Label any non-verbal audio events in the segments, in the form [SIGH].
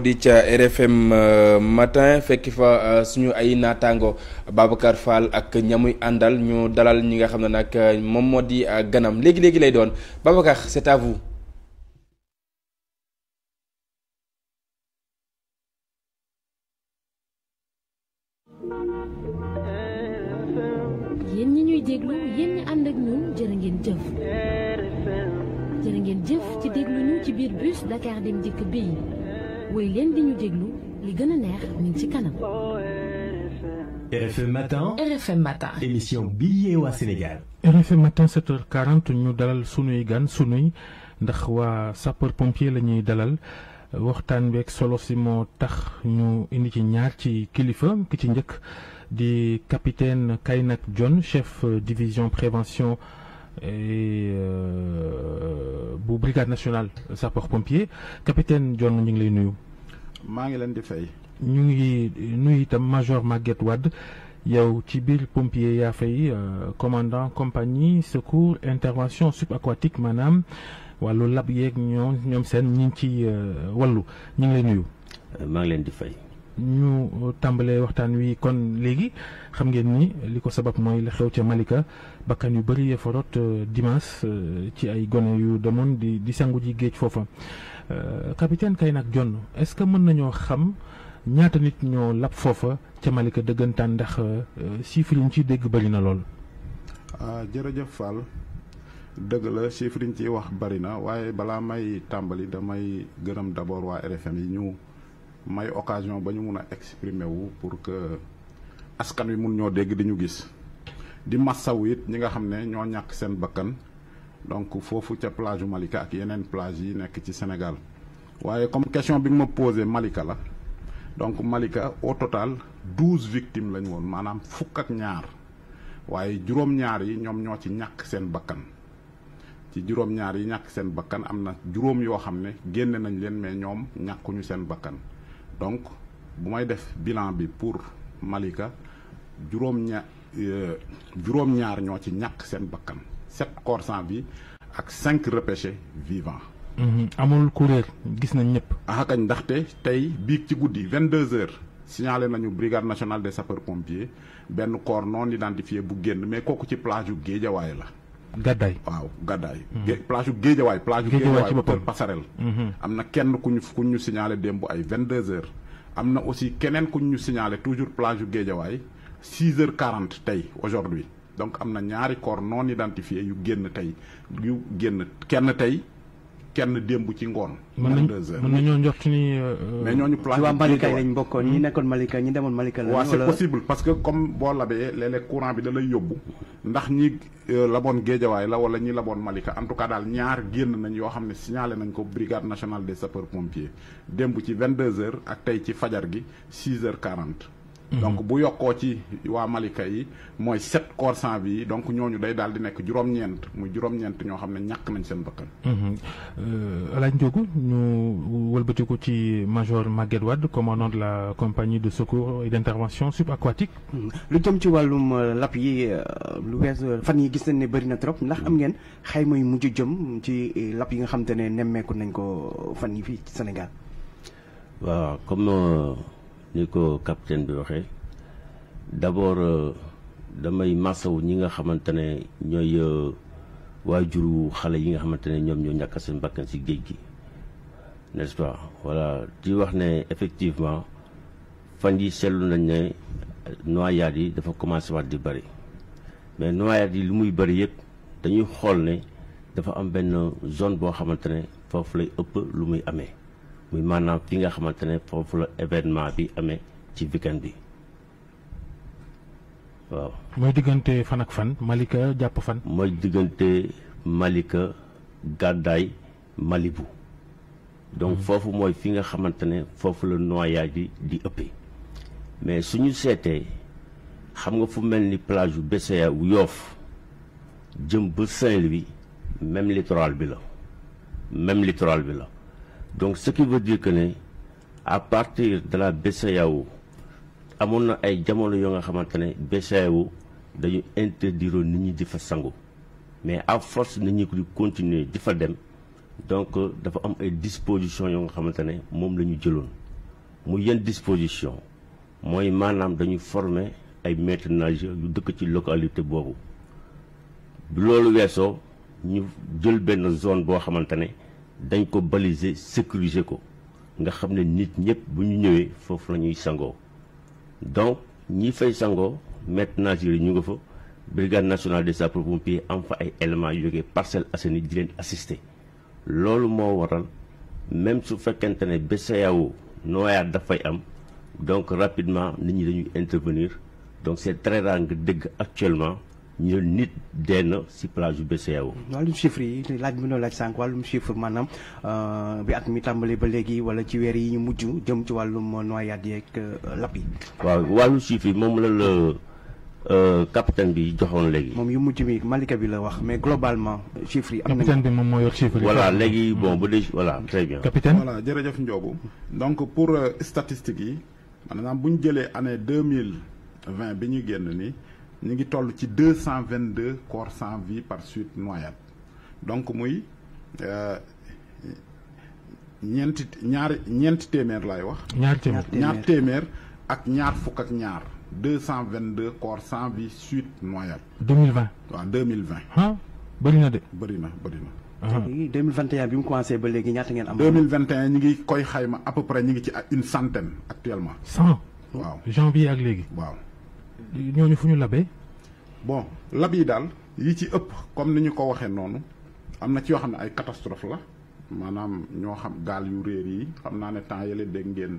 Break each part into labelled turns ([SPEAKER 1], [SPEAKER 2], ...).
[SPEAKER 1] di ca RFM euh, euh, suñu ay naataango Babacar ak ñamuy àndal ñu ñi xam ne nag euh, moom di ganam léegi léegi lay doon
[SPEAKER 2] Babacar
[SPEAKER 3] ñuy déglu yéen ànd ak ñun jërë ngeen ngeen jëf ci déglu ñu ci biir bus Dakar Dem Dikk bii. woy leen di
[SPEAKER 1] RFM
[SPEAKER 2] matin bi yee waa Sénégal.
[SPEAKER 1] ñu dalal sunuy gan sunuy ndax waa sapeur pompier la ñuy dalal. waxtaan beeg solo si moo tax ñu indi ci ñaar ci kilifa ki ci njëkk di capitaine Kaynak John chef division prévention et euh, bu brigade nationale sapeur pompier capitaine John ñu ngi lay nuyu.
[SPEAKER 4] maa ngi leen di fay.
[SPEAKER 1] ñu ngi nuyu itam major Maguette wàdd yow ci biir pompier yaa fay euh, commandant compagnie secours intervention subaquatique maanaam wàllu lab yeeg ñoom ñoom seen ñi ngi ci euh, wàllu ñu ngi lay nuyu.
[SPEAKER 2] maa ngi leen di fay.
[SPEAKER 1] ñu euh, tàmbalee waxtaan wi kon léegi xam ngeen ni li ko sabab mooy la xew ca Malika bakkan yu bëri ya fa rot ci ay gone yu demoon di di sangu ji géej foofa. Euh, capitaine Kaynak Dione est-ce que mën nañoo xam ñaata nit ñoo lab foofa ca Malika dëggantaan ndax euh, euh, chiffre yi ñu ciy dégg bëri na lool.
[SPEAKER 4] ah jërëjëf Fall dëgg la chiffre yi ciy wax bëri na waaye balaa may tàmbali damay gërëm d'abord waa RFM yi ñu may occasion ba ñu mun a exprimer wu pour que askan wi mun ñoo dégg di ñu gis di massawu it ñi nga xam ne ñoo ñàkk seen bakkan. donc foofu ca plage Malika ak yeneen plage yi nekk ci Sénégal waaye comme question bi ma posé Malika la donc Malika ototal total douze victimes lañu woon maanaam fukk ak ñaar waaye juróom-ñaar yi ñoom ñoo ci ñàkk seen bakkan ci juróom-ñaar yi ñàkk seen bakkan am na juróom yoo xam ne génne nañ leen mais ñoom ñàkkuñu seen bakkan donc bu may def bilan bi pour Malika juróom-ña euh, juróom-ñaar ñoo ci ñàkk seen bakkan sept corps sans vie ak cinq repêchés vivants.
[SPEAKER 1] Mhm. amul kuréel gis nañ ñëpp. ah ndaxte
[SPEAKER 4] tey biig ci guddi vingt deux heures signalé nañu brigade nationale des sapeurs pompiers benn corps di identifié bu génn mais kooku ci plage yu géejawaay la. Gaddaay waaw Gaddaay. Mhm. plage yu géejawaay plage yu géejawaay ci boppam passerelle. Mhm. am na kenn ku ñu ku ñu signalé démb ay vingt deux heures. am na aussi keneen ku ñu signalé toujours plage yu géejawaay six heures quarante tey aujourd'hui donc am na ñaari corps non identifié yu génn tey yu génn kenn tey kenn démb ci ngoon. mën nañoo
[SPEAKER 3] njort ni. Euh, mais ñooñu euh, place waa Malika lañ bokkoon ñi hmm? nekkoon Malika ñi demoon Malika la.
[SPEAKER 4] parce que comme boo labee léeg-léeg courant bi da yóbbu ndax ñi euh, laboon géejawaay la wala ñi laboon Malika en tout cas daal ñaar génn nañ yoo xam ne signalé nañ ko brigade nationale des sapeurs pompiers démb ci 22h ak tey ci fajar gi 6h40. Mm-hmm. donc bu yokkoo ci waa Malika yi mooy sept corps bi yi donc ñooñu day daal di nekk juróom-ñeent muy juróom-ñeent ñoo xam ne ñàkk nañ seen bakkan.
[SPEAKER 1] Mm-hmm. Euh, Alain Ndiogou ñu wëlbatiku ci major Maguette Wade commandant de la compagnie de secours et d' intervention subaquatique. Mm-hmm.
[SPEAKER 3] lu jëm ci wàllum euh, lap yi euh, lu wees fan yi gis nañ ne bëri na trop ndax am ngeen xayma yu mujj jëm ci lap yi nga xam te ne nemmeeku nañ ko fan yi fii ci Sénégal.
[SPEAKER 2] ni ko capitaine bi waxee d'abord euh, damay wu ñi nga xamante ne ñooy euh, waajuru xale yi nga xamante ne ñoom ñoo ñàkk seen bakkan ci géej gi n'est-ce walla di wax ne effectivement fan yi seetlu nañ ne noyade yi dafa commencé waat di bëri mais noyade yi lu muy bëri yëpp dañuy xool ne dafa am benn zone boo xamante ne foofu lay ëpp lu muy amee muy maanaam fi nga xamante ne foofu la événement bi amee ci weekend bi waaw.
[SPEAKER 1] mooy diggante fan ak fan Malika jàpp fan.
[SPEAKER 2] mooy diggante Malika gàddaay Malibu. donc hmm. foofu mooy fi nga xamante ne foofu la noyade bi di ëpp mais suñu seetee xam nga fu mel ni plage yu Bessaya Yoof jëm ba saint bi même littoral bi la même littoral bi la. donc ce qui veut dire que ne à partir de la BCEAO amoon na ay jamono yoo nga xamante ne BCEAO dañu interdiroon nit ñi di fa sangu mais à force nit ñi di continuer di fa dem donc dafa am ay dispositions yoo nga xamante ne moom la ñu jëloon mu yenn disposition mooy maanaam dañu former ay maîtres nageurs yu dëkk ci localité boobu loolu weesoo ñu jël benn zone boo xamante ne dañ ko baliser sécuriser ko nga xam ne nit ñëpp bu ñu ñëwee foofu la ñuy sangoo donc ñi fay sangoo maître nageurs ñu nga fa brigade national des sapeurs-pompiers am fa ay éléments yu parcelle Parcelles Assainies di leen assister loolu moo waral même su fekkente ne BCEAO noyaat dafay am donc rapidement nit ñi dañuy intervenir donc c'est très rare nga dégg actuellement ñu nit dee si plage yu BCEAO.
[SPEAKER 3] wàllum chiffres yi laaj bi laaj sànq wàllum chiffre maanaam euh, bi at mi tàmbali ba léegi wala ci weer yi ñu mujj jëm ci wàllum noyade yeeg euh, lapp yi.
[SPEAKER 2] waaw wàllu chiffre yi moom la la. Euh, capitaine bi joxoon léegi.
[SPEAKER 3] moom yu mujj bi Malika bi la wax mais globalement chiffres yi am nañu capitaine
[SPEAKER 1] moom moo yor chiffres
[SPEAKER 4] yi. voilà
[SPEAKER 2] léegi bon bu dee voilà très bien. capitaine
[SPEAKER 3] voilà jërëjëf Ndiobou. donc pour
[SPEAKER 4] statistiques yi maanaam bu ñu jëlee année deux mille vingt bi ñu génn nii. ñu ngi toll ci deux cent vingt deux corps sans vie par suite noyade donc muy euh, ñeenti ñaari ñeenti téeméer laay wax. ñaar téeméer ñaar téeméer ak ñaar fukk ak ñaar deux cent vingt deux corps cent vie suite noyade. deux mille vingt waaw deux mille vingt. ah bëri na de. bëri na bëri na. Ah. léegi 2021 bi mu commencé ba léegi ñaata ngeen am. 2021 ñu ngi koy xayma à ñu ngi ci une centaine actuellement.
[SPEAKER 1] cent. waaw janvier ak léegi. waaw. ñooñu fu ñu
[SPEAKER 4] labee. bon lab yi daal yi ci ëpp comme ni ñu ko waxee noonu am na ci yoo xam ne ay catastrophe la maanaam ñoo xam gaal yu réer yi xam naa ne temps yële dégg ngeen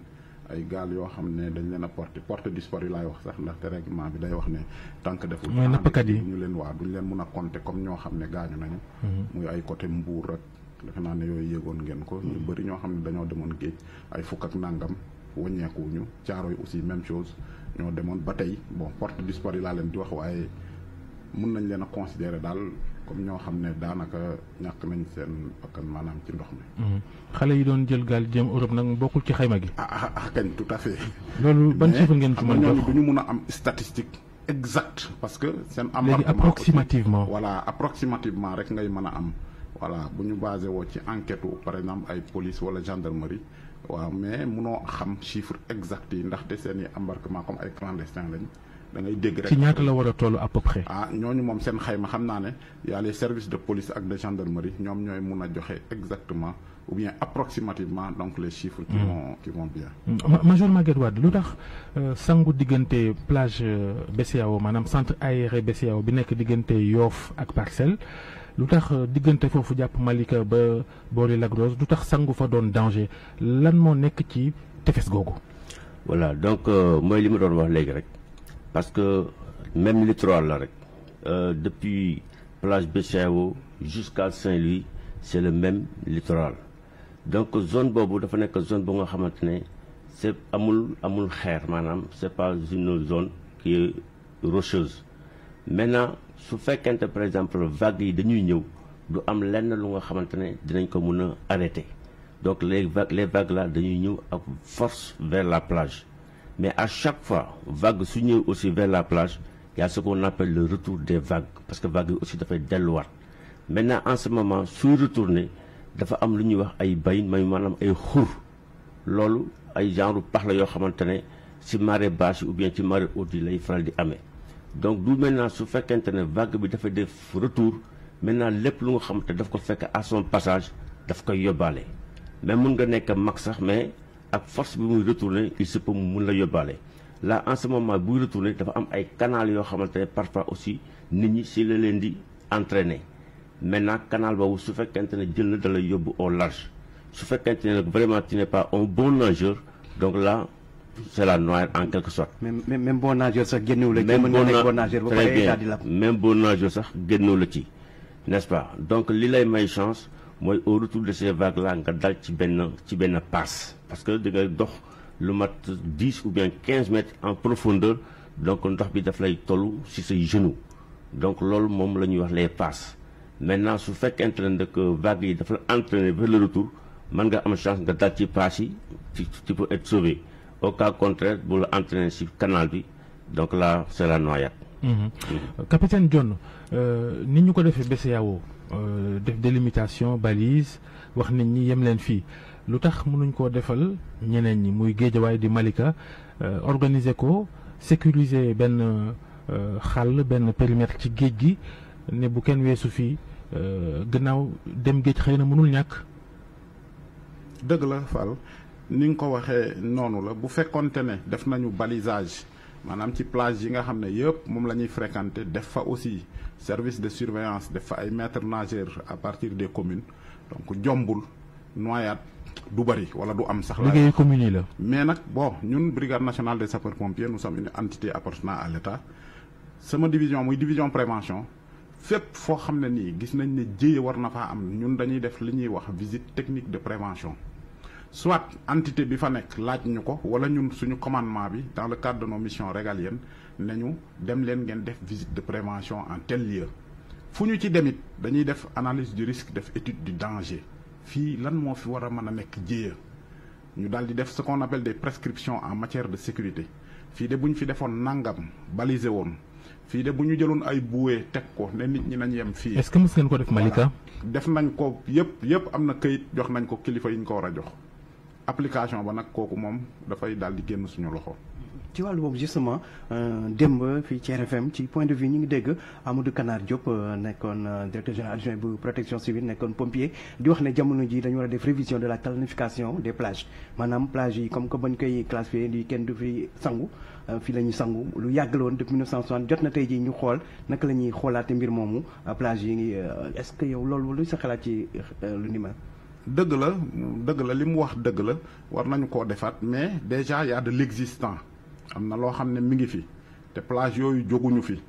[SPEAKER 4] ay gaal yoo xam ne dañ leen a porté porté disparu laay wax sax ndaxte règlement bi day wax ne tànk deful mooy nappkat yi ñu leen waa duñ leen mun a compté comme ñoo xam ne gaañu nañu mhm. muy ay coté mbuur rek defe naa ne yooyu yëgoon ngeen ko ñu bëri ñoo xam ne dañoo demoon géej ay fukk ak nàngam wàññeekuwuñu caaroy aussi même chose ñoo demoon ba tey bon porte disparue laa leen di wax waaye mun nañ leen a considérer daal comme ñoo xam ne daanaka ñàkk nañ seen bakkan maanaam ci ndox mi.
[SPEAKER 1] Mhm. xale yi doon jël gaal jëm Europe nag bokkul ci xayma gi. ah
[SPEAKER 4] ah, ah kañ tout à fait. loolu ban chiffre ngeen ci mën jox du ñu mun a am statistique. exact parce que seen. am léegi approximativement. voilà approximativement rek ngay mën a am. wala bu ñu basé woo ci enquête par exemple ay police wala gendarmerie. waaw mais munoo xam chiffre exact yi ndaxte seen i embarquement comme ay clandestin lañ da ngay dégg rek ci ñaata
[SPEAKER 1] la war a toll à peu près.
[SPEAKER 4] Ah, ñooñu moom seen xayma xam naa ne y a de police ak de gendarmerie ñoom ñooy mun a joxe exactement ou bien approximativement donc les chiffres. qui hmm. vont qui vont bien.
[SPEAKER 1] Hmm. major Maguette Wade lu tax euh, sangu diggante plage euh, BCEAO maanaam centre aéré BCEAO bi nekk diggante yoof ak Parcelles. lu tax euh, diggante foofu jàpp Malika ba boori Lagos du tax sangu fa doon danger lan moo nekk ci
[SPEAKER 2] tefes googu. voilà donc euh, mooy li ma doon wax léegi rek parce que même littoral la rek euh, depuis plage Bechao jusqu'à Saint-Louis c'est le même littoral donc zone boobu dafa nekk zone bu nga xamante ne c'est amul amul xeer maanaam c'est pas une zone qui est rocheuse. maintenant su fekkente par exemple vagues yi dañuy ñëw du am lenn lu nga xamante ne dinañ ko mën a arrêter donc les vagues les vagues là dañuy ñëw ak force vers la plage mais à chaque fois vague su ñëw aussi vers la plage y a ko qu'on appelle le retour des vagues parce que vagues aussi dafay delluwaat maintenant en ce moment suy retourner dafa am lu ñuy wax ay bayin may maanaam ay xur loolu ay genre pax la yoo xamante ne ci marée basse ou bien ci marée haute yi lay faral di amee donc du maintenant su fekkente ne vague bi dafa def retour maintenant lépp lu nga xam te daf ko fekk à son passage daf koy yóbbaale mais mun nga nekk mag sax mais ak force bi muy retourner il se peut mun la yóbbaale là en ce moment buy retourner dafa am ay canal yoo xamante ne parfois aussi nit ñi si la leen di entraîner maintenant canal boobu su fekkente ne jël na da yóbbu au large su fekkente ne nag vraiment tu n'es pas un bon nageur donc là c'est la noire en quelque sorte.
[SPEAKER 3] même même boo naajoo sax génnewu la ci. même boo na
[SPEAKER 2] même boo naajoo sax génnewu la ci nest pas donc li lay may chance mooy au retour de ces vagues là nga dal ci benn ci benn passe. parce que di dox lu mat dix ou bien quinze mètres en profondeur donc ndox bi daf lay tollu ci sa genou donc loolu moom la ñuy wax les passes maintenant su fekkente ne que vagues yi dafa la entraîner vers mën nga am chance nga dal ci passe yi tu peux être sauvé. au cas contraire bu la entraîné ci canal bi donc là c'est la noyade.
[SPEAKER 1] Mhm. Mhm. capitaine Dione euh, ni ñu ko defee BCEAO euh, def délimitation balise wax nit ñi yem leen fii lu tax mënuñ koo defal ñeneen ñi muy waaye di Malika euh, organiser ko sécuriser benn xàll benn périmètre ci géej gi ne bu kenn weesu fii gannaaw dem géej xëy na mënul ñàkk.
[SPEAKER 4] dëgg la Fall. ni nga ko waxee noonu la bu fekkonte ne def nañu balisage maanaam ci plage yi nga xam ne yëpp moom la ñuy fréquenter def fa aussi service de surveillance def fa ay maîtres nageurs à partir des communes donc jombul noyaat du bëri wala du am sax. liggéeyu communes yi la. mais nag bon ñun brigade nationale des sapeurs pompiers nous sommes une entité appartenant à l'État sama division muy division prévention. fépp foo xam ne nii gis nañ ne jéye war na faa am ñun dañuy def li ñuy wax visite technique de prévention soit entité bi fa nekk laaj ñu ko wala ñun suñu commandement bi dans le cadre de nos missions régaliennes nañu dem leen ngeen def visite de prévention en tel lieu fu ñu ci demit dañuy def analyse du risque def étude du danger fii lan moo fi war a mën a nekk jéeya ñu daal di def ce qu'on appelle des en matière de sécurité fii de bu ñu fi defoon nangam balisé woon fii de bu ñu jëloon ay buwee teg ko ne nit ñi nañ yem fii. est-ce que mës ngeen ko def Malika. def nañ ko yëpp yëpp am na këyit jox nañ ko kilifa yi ko war a jox. application ba nag kooku moom dafay daal di génn suñu loxo.
[SPEAKER 3] ci wàllu boobu justement euh, démb fii ci RFM ci point de vue ñu ngi dégg Amadou kanaar Diop euh, nekkoon euh, directeur général adjoint bu protection civile nekkoon pompier di wax ne jamono ji dañu war a def révision de la planification des plages maanaam plage yi comme que bañ koy classifié di kenn du fi sangu fi lañuy sangu lu yàgg la woon depuis 1960 jot na tey ji ñu xool naka la ñuy xoolaate mbir moomu plage yi est-ce que yow loolu lu sa ci lu ni dëgg la dëgg la li mu wax dëgg la war nañu koo defaat mais
[SPEAKER 4] déjà y de l'existant am na loo xam ne mi ngi fi te plage yooyu jóguñu fi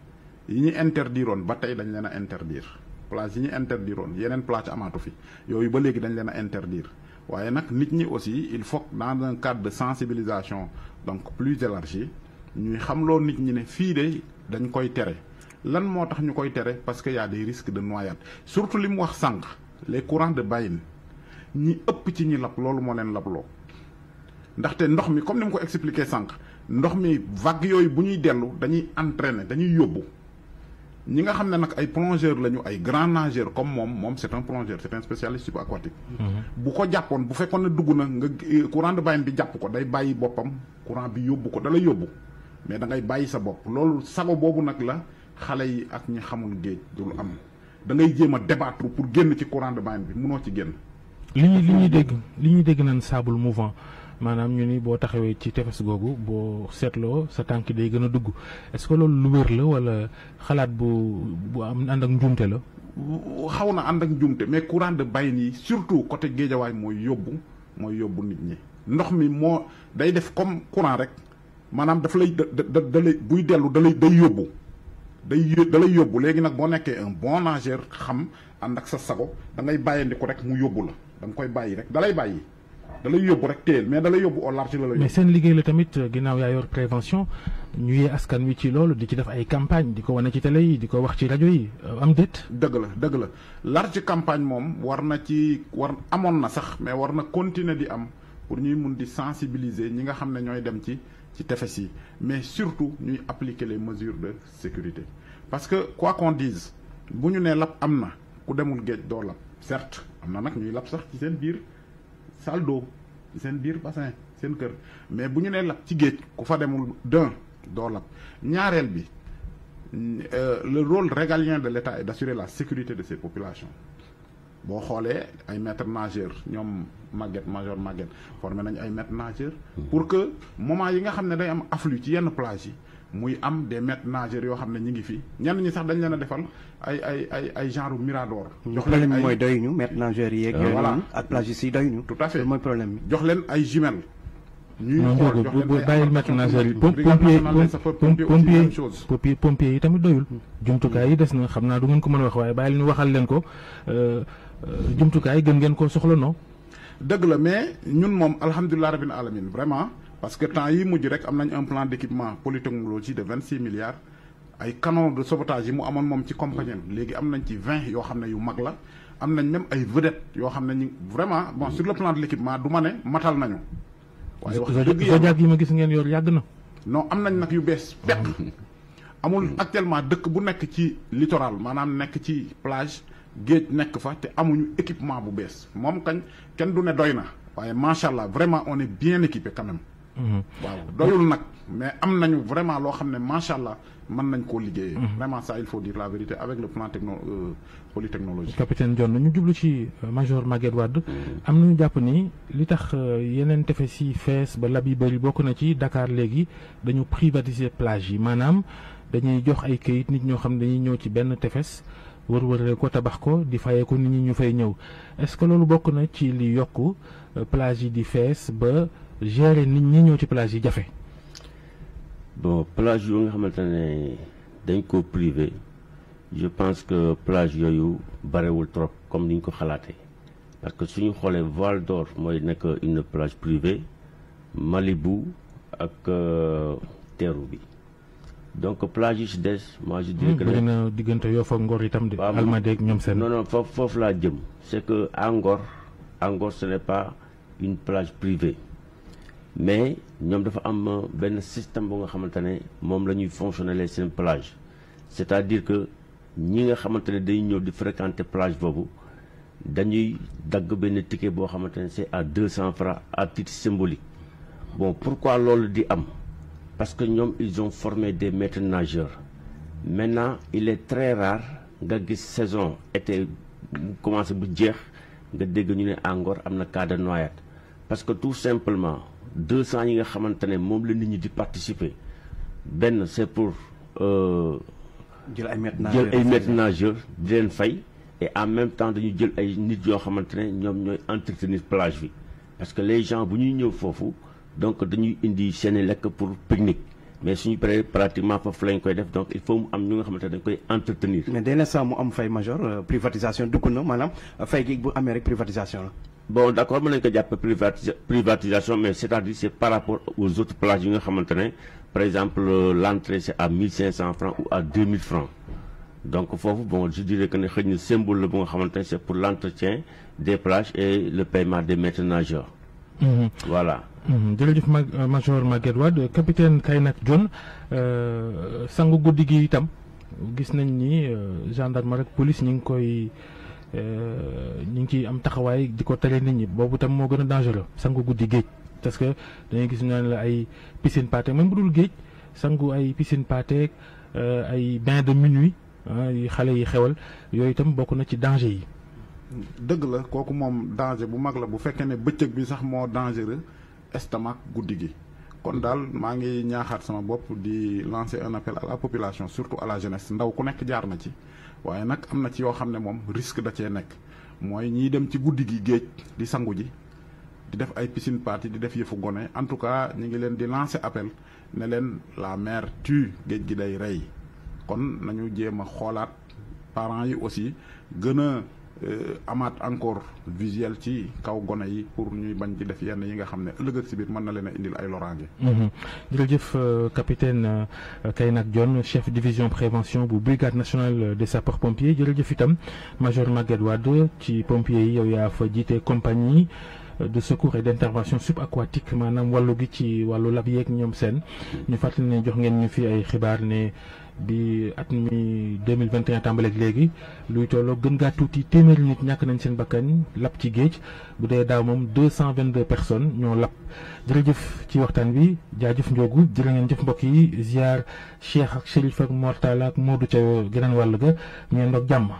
[SPEAKER 4] yi ñu interdiroon ba tey dañ leen a interdire plage yi ñu interdiroon yeneen plage amaatu fi yooyu ba léegi dañ leen a interdire waaye nag nit ñi aussi il faut dans un cadre de sensibilisation donc plus élargi ñuy xamloo nit ñi ne fii de dañ koy tere lan moo tax ñu koy tere parce que y a des risques de noyade surtout li mu wax les courants de baleines ñi ëpp ci ñi lab loolu moo leen lab loo ndaxte ndox mi comme ni mu ko expliqué sànq ndox mi vague yooyu bu ñuy dellu dañuy entraîner dañuy yóbbu ñi nga xam ne nag ay plongeur lañu ay grand nageur comme moom moom c'est un plongeur c'est un spécialiste subaquatique mm-hmm. bu ko jàppoon bu fekkoon ne dugg na nga euh, courant de bàyyam bi jàpp ko day bàyyi boppam courant bi yóbbu ko dalay yóbbu mais da ngay bàyyi sa bopp loolu sago boobu nag la xale yi ak ñi xamul géej dul am da ngay jéem a débattre pour génn ci courant de bàyyam bi munoo ci génn
[SPEAKER 1] li ñuy li ñuy dégg li ñuy dégg naan sable mouvant maanaam ñu ni boo taxawee ci tefes googu boo seetloo sa tànk day gën a dugg est-ce que loolu lu wér la walla xalaat bu bu am ànd ak njuumte la.
[SPEAKER 4] xaw na ànd ak njuumte mais courant de bayin yi surtout côté géejawaay mooy yóbbu mooy yóbbu nit ñi ndox mi moo day def comme courant rek maanaam daf lay da da lay buy dellu da lay day yóbbu. day da lay yóbbu léegi nag boo nekkee un bon nageur xam ànd ak sa sago da ngay bàyyandi rek mu yóbbu la. da koy bàyyi rek dalay bàyyi da lay yóbbu rek téyel mais dalay lay yóbbu au large la lay mais seen
[SPEAKER 1] liggéey la tamit ginnaaw yaa yor prévention ñu yee askan wi ci loolu di ci def ay campagne di ko wane ci télé yi di ko wax ci rajo yi euh, am déet
[SPEAKER 4] dëgg la dëgg la large campagne moom war na ci war amoon na sax mais war na continuer di am pour ñuy mun di sensibiliser ñi nga xam ne ñooy dem ci ci tefes yi mais surtout ñuy appliquer les mesures de sécurité parce que quoi qu'on dise bu ñu nee lap am na ku demul géej doo lap certes am na nag ñuy lab sax ci seen biir saldo ci seen biir bassin seen kër mais bu ñu nee lab ci géej ku fa demul d'un doo lab ñaareel bi euh, le rôle régalien de l'État est d'assurer la sécurité de ses populations boo xoolee ay maîtres nageurs ñoom Maguette major Maguette formé nañu ay maîtres nageurs hmm. pour que moment yi nga xam ne day am afflux ci yenn plage yi muy am de maîtres nageurs yoo xam ne ñu ngi fi ñenn ñi sax dañ leen a defal ay ay ay ay genre mirador. jox leen ay mooy doy
[SPEAKER 3] ñu maîtres nageurs yeeg. Euh, voilà ak plagistes doy ñu. tout à fait mooy problème bi jox leen ay jumelles. ñuy xool jox leen ay bàyyi maîtres nageurs yi pompier
[SPEAKER 1] pompier pompier yi tamit doyul. Mm. jumtukaay yi des na xam naa du ngeen ko mën a wax waaye bàyyi ñu waxal leen ko euh, euh, jumtukaay gën ngeen ko soxla noo.
[SPEAKER 4] dëgg la mais ñun moom alhamdulilah rabbil alamin vraiment. parce que temps yi mujj rek am nañ un plan d' équipement polytechnologie de vingt six milliards ay canon de sauvetage yi mu amoon moom ci compagnie léegi am nañ ci vingt yoo xam ne yu mag la am nañ même ay vedette yoo xam ne ni vraiment bon sur le plan de l' du ma ne matal nañu.
[SPEAKER 1] waaye wax dëgg yàlla yi ma gis ngeen yor yàgg na.
[SPEAKER 4] non am nañ nag yu bees pepp. [LAUGHS] amul hmm. actuellement dëkk bu nekk ci littoral maanaam nekk ci plage géej nekk fa te amuñu équipement bu bees moom kañ kenn du ne doy na waaye macha allah vraiment on est bien équipé quand même.
[SPEAKER 1] waaw doyul
[SPEAKER 4] nag mais am nañu vraiment loo xam ne macha allah mën nañ koo liggéeyee. Mhm. vraiment ça il faut dire la vérité avec le plan techno euh, polytechnologie.
[SPEAKER 1] capitaine John ñu jublu ci euh, major Maguette Wade mhm. am nañu jàpp ni li tax euh, yeneen tefes yi fees ba lab yi bëri bokk na ci Dakar léegi dañu privatiser plage yi maanaam dañuy jox ay kayit nit ñoo xam ne dañuy ñëw ci benn tefes. wër-wërale ko tabax ko di fayee nit ñi ñu fay ñëw est loolu bokk na ci li yokk plage yi di fees ba gérer nit ñi ñëw ci plage yi jafe.
[SPEAKER 2] bon plage yoo nga xamante ne dañ ko privé je pense que plage yooyu barewul trop comme ni ñu ko xalaatee parce que suñu xoolee Val d'Or mooy nekk une plage privée Malibu ak euh, teeru bi donc plage yu si des. moi je dirais hmm, que bëri
[SPEAKER 1] na diggante yoo foog Ngor itam de. waaw
[SPEAKER 2] Almadies ñoom seen. non non foofu foofu laa jëm. c' est que à Ngor à Ngor ce n' est pas une plage privée. mais ñoom dafa am euh, benn système bu nga xamante ne moom la ñuy fonctionner seen plage c'est-à-dire que ñi nga xamante ne dañuy ñëw di fréquenter plage boobu dañuy dagg benn ticket boo xamante ne c'est à deux cents francs à titre symbolique bon pourquoi loolu di am parce que ñoom ils ont formé des maîtres nageurs maintenant il est très rare nga gis saison été commencé bu jeex nga dégg ñu ne encore am na cas de noyade parce que tout simplement deux cent yi nga xamante ne moom la nit ñi di participer benn c'est pour. jël ay maîtres-nageurs jël ay maîtres di leen fay. et en même temps dañu jël ay nit yoo xamante ne ñoom ñooy entretenir plage bi parce que les gens bu ñuy ñëw foofu donc dañuy indi seen lekk pour pique mais suñu pré pratiquement foofu lañ koy def donc il faut mu am ñu nga xamante ne dañ koy entretenir. mais
[SPEAKER 3] dès l'instant mu am fay major euh, privatisation dugg na maanaam euh, fay gi bu amee privatisation la.
[SPEAKER 2] bon d' accord mën nañu ko jàpp privatisation mais c' à dire c' par rapport aux autres plages yi nga xamante ne par exemple euh, l' entrée c' est à 1500 francs ou à francs donc foofu bon je dirais que ne xëy na symbole la bu nga xamante ne pour l' des plages et le paiement des maîtres nageurs.
[SPEAKER 1] Mm-hmm. Mhm. jërëjëf major Maguette Wade capitaine Kaynak Dione euh, sangu guddi gi itam gis nañ ni euh, gendarme rek police ñu ngi koy euh, ñu ngi ciy am taxawaay di ko tere nit ñi boobu tam moo gën a dangereux sangu guddi géej parce que dañuy gis ñu la ay piscine pâté même bu dul géej sangu ay piscine pâté ay bain de minuit ah, yi xale yi xewal yooyu itam bokk na ci danger yi.
[SPEAKER 4] dëgg la kooku moom danger bu mag la bu fekkee ne bëccëg bi sax moo dangereux. estomac guddi gi kon daal maa ngi ñaaxaat sama bopp di lancer un appel à la population surtout à la jeunesse ndaw ku nekk jaar na ci waaye nag am na ci yoo xam ne moom risque da cee nekk mooy ñiy dem ci guddi gi géej di sangu ji di def ay piscine party di def yëfu gone en tout cas ñu ngi leen di lancer appel ne leen la mer tue géej gi day rey kon nañu jéem a xoolaat parents yi aussi gën a Euh, amaat encore visuel ci kaw gone yi pour ñuy bañ ci def yenn yi nga xam ne ëllëg si biir mën na leen a indil ay loraange.
[SPEAKER 1] Mhm. jërëjëf euh, capitaine euh, Kaynak Dione chef division prévention bu brigade nationale des sapeurs pompiers jërëjëf itam major Maguette Wade ci pompiers yi yow yaa fa jiite compagnie. de secours et d' intervention subaquatique maanaam wàllu gi ci wàllu lab yeeg ñoom seen mm-hmm. ñu fàttali ne jox ngeen ñu fi ay xibaar ne di at mi 2021 tàmbaleeg léegi luy tolloo gën gaa tuuti téeméeri nit ñàkk nañ seen bakkan lap ci géej bu dee daaw moom 222 personnes ñoo lap jërëjëf ci waxtaan bi jaa jëf njoogu jërë ngeen jëf mbokk yi ziar Cheikh ak Chérif ak Mortala ak Modou ca geneen wàll ga ngeen doog jàmm